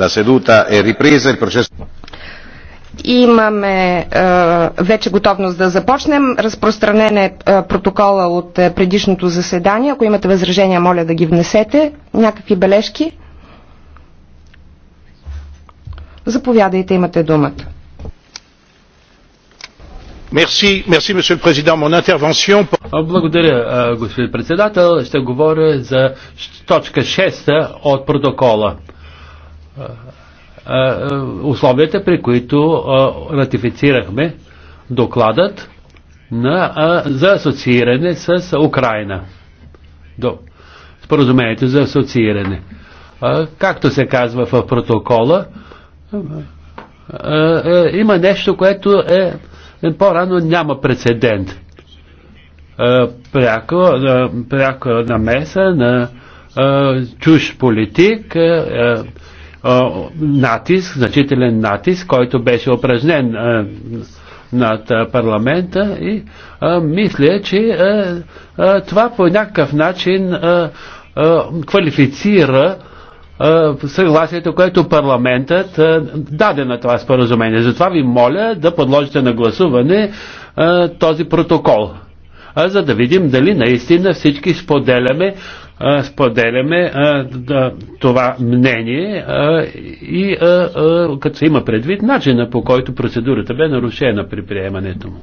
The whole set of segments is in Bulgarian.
La seduta ripresa, il processo... Имаме е, вече готовност да започнем. Разпространен е, е протокола от е, предишното заседание. Ако имате възражения, моля да ги внесете. Някакви бележки? Заповядайте, имате думата. Merci, merci, monsieur le président. Mon intervention... Благодаря, господин председател. Ще говоря за точка 6 от протокола условията, при които ратифицирахме докладът на, за асоцииране с Украина. До споразумението за асоцииране. Както се казва в протокола, има нещо, което е, е по-рано няма прецедент. Пряко, пряко намеса на чуж политик, натиск, значителен натиск, който беше упражнен над парламента и а, мисля, че а, а, това по някакъв начин а, а, квалифицира съгласието, което парламентът даде на това споразумение. Затова ви моля да подложите на гласуване този протокол, за да видим дали наистина всички споделяме споделяме това мнение и като се има предвид начина по който процедурата бе нарушена при приемането му.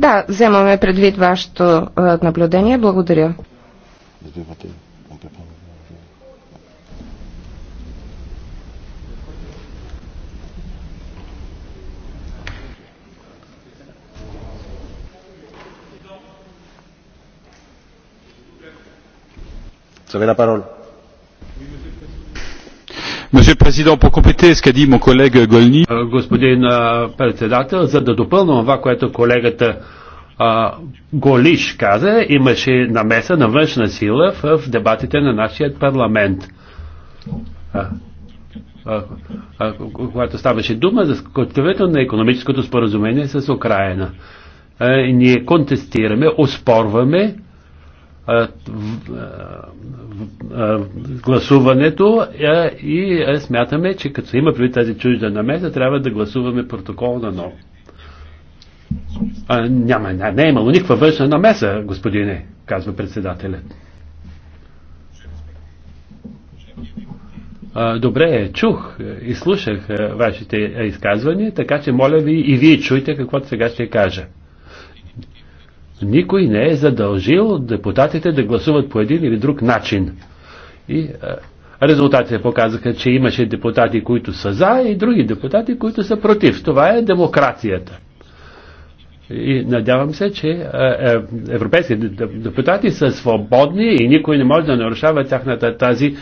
Да, вземаме предвид вашето наблюдение. Благодаря. Les deux matins, on peut pas. Monsieur le Président, pour compléter ce qu'a dit mon collègue Golny. Господин председател, за да допълна това, което колегата а, Голиш каза, имаше намеса на външна сила в, в дебатите на нашия парламент. А, а, а, когато ставаше дума за скотовето на економическото споразумение с Украина. А, ние контестираме, оспорваме гласуването и смятаме, че като има при тази чужда намеса, трябва да гласуваме протокол на ново. А, няма, не, не е имало никаква външна намеса, господине, казва председателят. Добре, чух и слушах вашите изказвания, така че моля ви и вие чуйте каквото сега ще кажа. Никой не е задължил депутатите да гласуват по един или друг начин. И резултатите показаха, че имаше депутати, които са за и други депутати, които са против. Това е демокрацията. И надявам се, че е, е, европейски депутати са свободни и никой не може да нарушава тяхната, тази,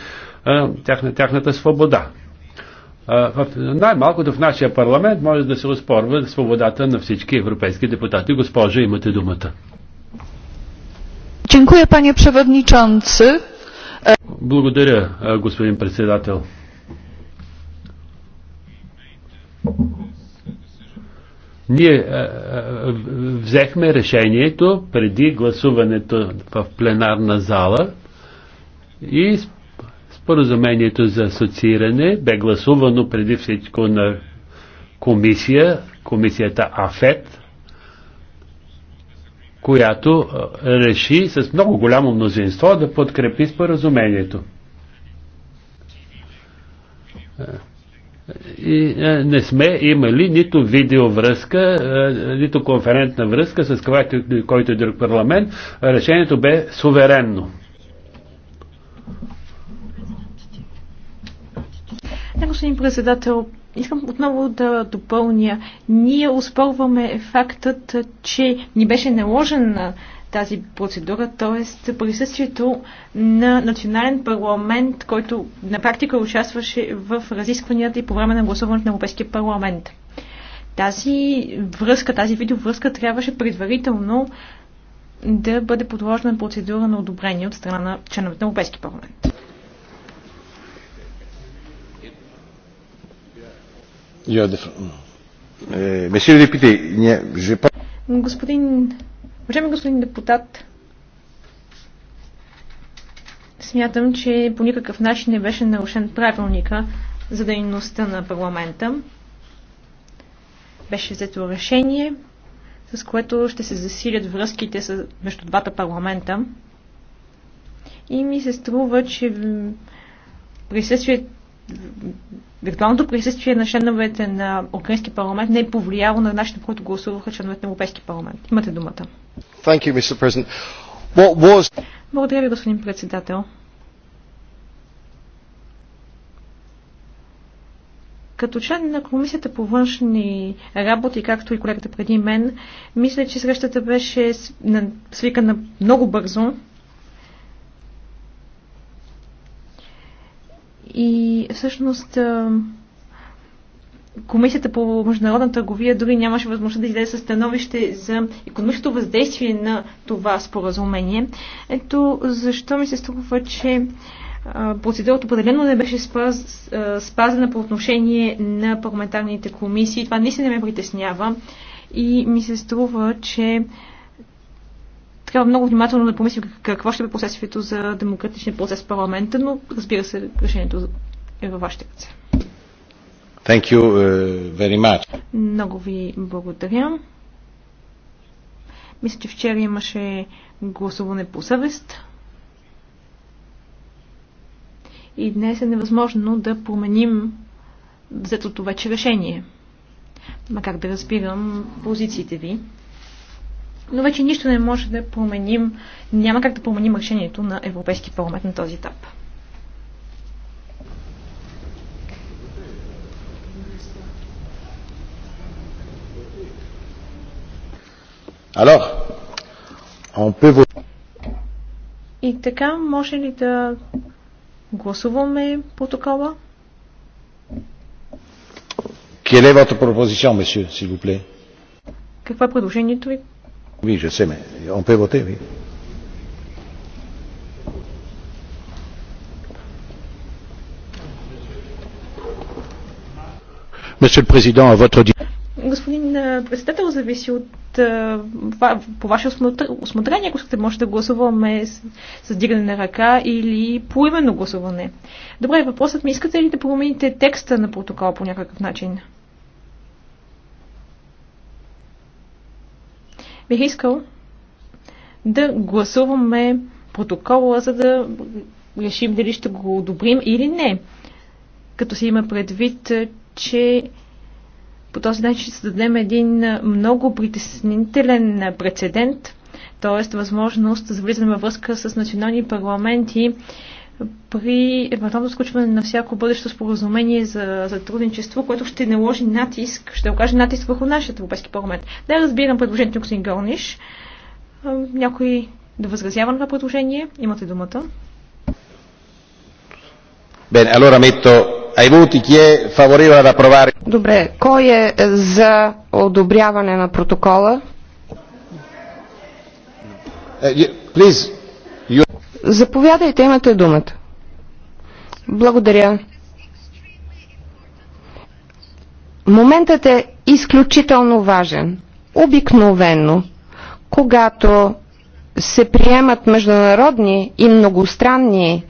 е, тяхна, тяхната свобода. Най-малкото в нашия парламент може да се успорва свободата на всички европейски депутати. Госпожа, имате думата. Дякую, пане przewodniczący. Благодаря, господин председател. Ние е, е, взехме решението преди гласуването в пленарна зала и споразумението за асоцииране бе гласувано преди всичко на комисия, комисията АФЕТ, която е, реши с много голямо мнозинство да подкрепи споразумението. И е, не сме имали нито видеовръзка, е, нито конферентна връзка с който, който е друг парламент. Решението бе суверенно. Да, господин председател, искам отново да допълня. Ние успорваме фактът, че ни беше наложен тази процедура, т.е. присъствието на национален парламент, който на практика участваше в разискванията и по време на гласуването на Европейския парламент. Тази връзка, тази видеовръзка трябваше предварително да бъде подложена процедура на одобрение от страна на членовете на Европейския парламент. Господин Уважаеми господин депутат, смятам, че по никакъв начин не беше нарушен правилника за дейността на парламента. Беше взето решение, с което ще се засилят връзките между двата парламента. И ми се струва, че присъствието виртуалното присъствие на членовете на Украински парламент не е повлияло на начина, по който гласуваха членовете на Европейски парламент. Имате думата. Thank you, Mr. President. What was... Благодаря ви, господин председател. Като член на Комисията по външни работи, както и колегата преди мен, мисля, че срещата беше свикана много бързо И всъщност Комисията по международна търговия дори нямаше възможност да излезе със становище за економическото въздействие на това споразумение. Ето защо ми се струва, че процедурата определено не беше спаз, спазена по отношение на парламентарните комисии. Това наистина ме притеснява и ми се струва, че трябва много внимателно да помислим какво ще бъде последствието за демократичния процес в парламента, но разбира се, решението е във вашите ръце. Thank you uh, very much. Много ви благодаря. Мисля, че вчера имаше гласуване по съвест. И днес е невъзможно да променим взетото вече решение. Макар да разбирам позициите ви но вече нищо не може да променим, няма как да променим решението на Европейски парламент на този етап. Alors, on peut И така, може ли да гласуваме протокола? Quelle est votre proposition, monsieur, s'il vous plaît? Какво е предложението ви, Oui, je sais, mais on peut voter, oui. Monsieur le Président, à votre Господин е, председател, зависи от е, по ваше осмотрение, ако искате, може да гласуваме с, с дигане на ръка или по именно гласуване. Добре, въпросът ми, искате ли да промените текста на протокола по някакъв начин? бих искал да гласуваме протокола, за да решим дали ще го одобрим или не. Като се има предвид, че по този начин ще създадем един много притеснителен прецедент, т.е. възможност за влизане във връзка с национални парламенти при евентуално сключване на всяко бъдещо споразумение за сътрудничество, което ще наложи натиск, ще окаже натиск върху нашия Европейски парламент. Да разбирам предложението на господин Горниш. Някой да възразява на това предложение? Имате думата. Bene, allora metto ai voti chi è favorevole ad approvare. Добре, кой е за одобряване на протокола? Е, е, please, you... Заповядайте, имате думата. Благодаря. Моментът е изключително важен. Обикновено, когато се приемат международни и многостранни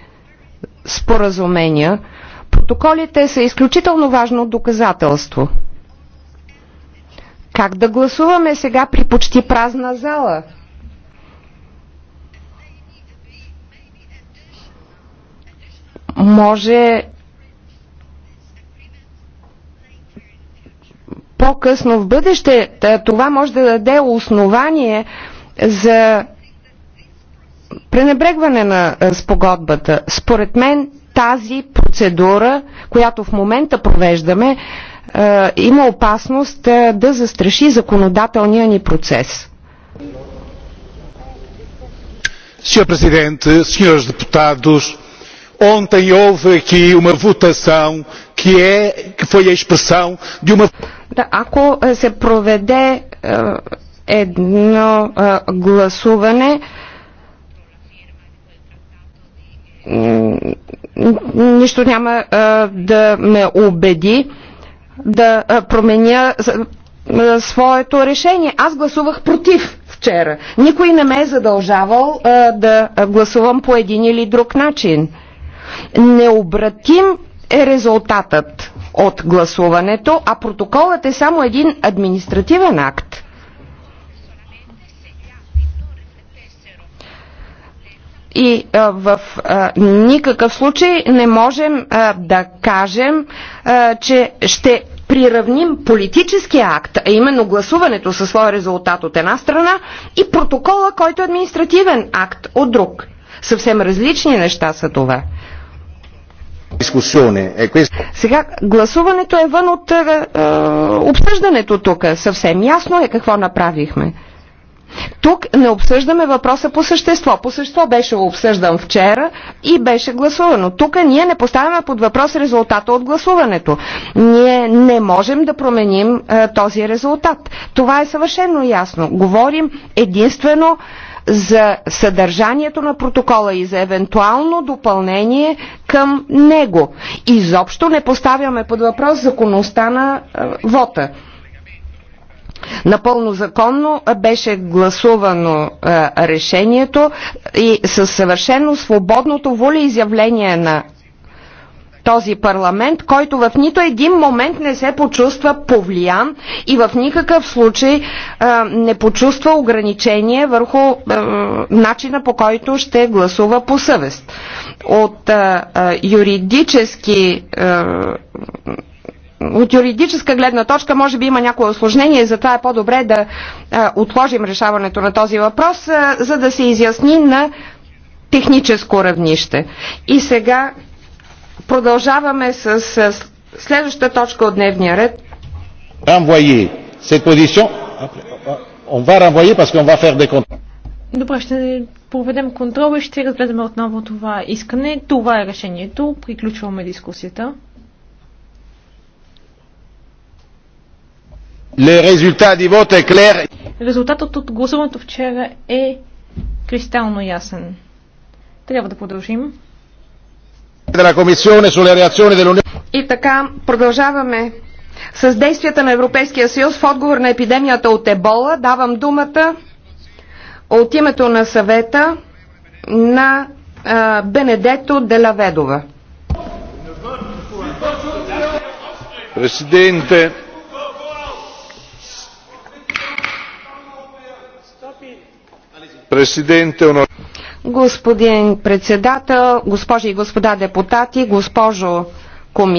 споразумения, протоколите са изключително важно доказателство. Как да гласуваме сега при почти празна зала? може по-късно в бъдеще това може да даде основание за пренебрегване на спогодбата. Според мен тази процедура, която в момента провеждаме, има опасност да застраши законодателния ни процес. Сеньор президент, сеньор deputados, ontem houve aqui uma votação que, é, que foi a expressão de uma... Да, ако eh, се проведе eh, едно eh, гласуване, нищо няма да ме убеди да променя своето решение. Аз гласувах против вчера. Никой не ме е задължавал да гласувам по един или друг начин. Необратим е резултатът от гласуването, а протоколът е само един административен акт. И а, в а, никакъв случай не можем а, да кажем, а, че ще приравним политическия акт, а именно гласуването със своя резултат от една страна и протокола, който е административен акт от друг. Съвсем различни неща са това. E Сега гласуването е вън от е, е, обсъждането тук. Съвсем ясно е какво направихме. Тук не обсъждаме въпроса по същество. По същество беше обсъждан вчера и беше гласувано. Тук ние не поставяме под въпрос резултата от гласуването. Ние не можем да променим е, този резултат. Това е съвършено ясно. Говорим единствено за съдържанието на протокола и за евентуално допълнение към него. Изобщо не поставяме под въпрос законността на е, вота. Напълно законно беше гласувано е, решението и със съвършено свободното волеизявление на този парламент, който в нито един момент не се почувства повлиян и в никакъв случай а, не почувства ограничение върху а, начина по който ще гласува по съвест. От а, а, юридически а, от юридическа гледна точка може би има някое осложнение и затова е по-добре да а, отложим решаването на този въпрос, а, за да се изясни на техническо равнище. И сега Продължаваме с, с следващата точка от дневния ред. Renvoyer cette position. On va renvoyer parce qu'on va faire des Добре, ще проведем контрол и ще разгледаме отново това искане. Това е решението. Приключваме дискусията. Резултатът от гласуването вчера е кристално ясен. Трябва да продължим. И така продължаваме с действията на Европейския съюз в отговор на епидемията от Ебола. Давам думата от името на съвета на а, Бенедето Делаведова. Президенте, Президенте, Господин председател, госпожи и господа депутати, госпожо комисар,